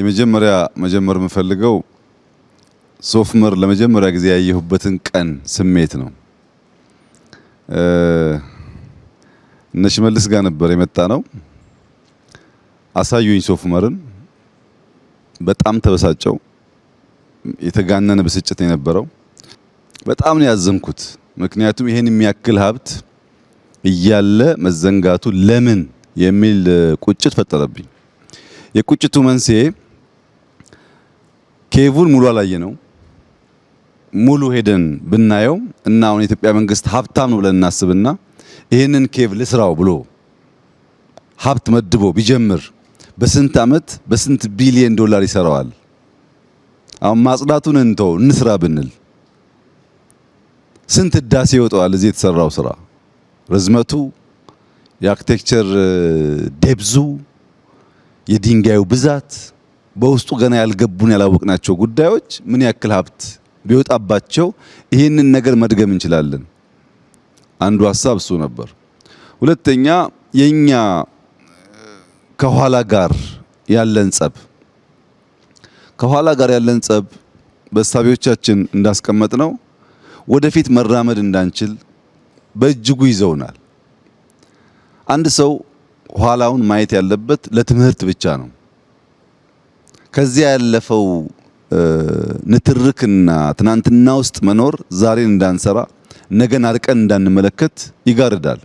የመጀመሪያ መጀመር የምፈልገው ሶፍመር ለመጀመሪያ ጊዜ ያየሁበትን ቀን ስሜት ነው። እነ ሽመልስ ጋር ነበር የመጣ ነው። አሳዩኝ ሶፍመርን። በጣም ተበሳጨው። የተጋነነ ብስጭት የነበረው በጣም ነው ያዘንኩት። ምክንያቱም ይሄን የሚያክል ሀብት እያለ መዘንጋቱ ለምን የሚል ቁጭት ፈጠረብኝ። የቁጭቱ መንስኤ ኬቡን ሙሉ አላየ ነው። ሙሉ ሄደን ብናየው እና አሁን የኢትዮጵያ መንግስት ሀብታም ነው ብለን እናስብና ይህንን ኬቭ ልስራው ብሎ ሀብት መድቦ ቢጀምር በስንት ዓመት በስንት ቢሊየን ዶላር ይሰራዋል? አሁን ማጽዳቱን እንተው እንስራ ብንል ስንት ህዳሴ ይወጣዋል? እዚህ የተሰራው ስራ ርዝመቱ፣ የአርኪቴክቸር ዴብዙ፣ የድንጋዩ ብዛት በውስጡ ገና ያልገቡን ያላወቅናቸው ጉዳዮች ምን ያክል ሀብት ቢወጣባቸው ይህንን ነገር መድገም እንችላለን። አንዱ ሀሳብ እሱ ነበር። ሁለተኛ የኛ ከኋላ ጋር ያለን ጸብ ከኋላ ጋር ያለን ጸብ በሳቢዎቻችን እንዳስቀመጥ ነው ወደፊት መራመድ እንዳንችል በእጅጉ ይዘውናል። አንድ ሰው ኋላውን ማየት ያለበት ለትምህርት ብቻ ነው። ከዚያ ያለፈው ንትርክና ትናንትና ውስጥ መኖር ዛሬን እንዳንሰራ ነገን አርቀን እንዳንመለከት ይጋርዳል።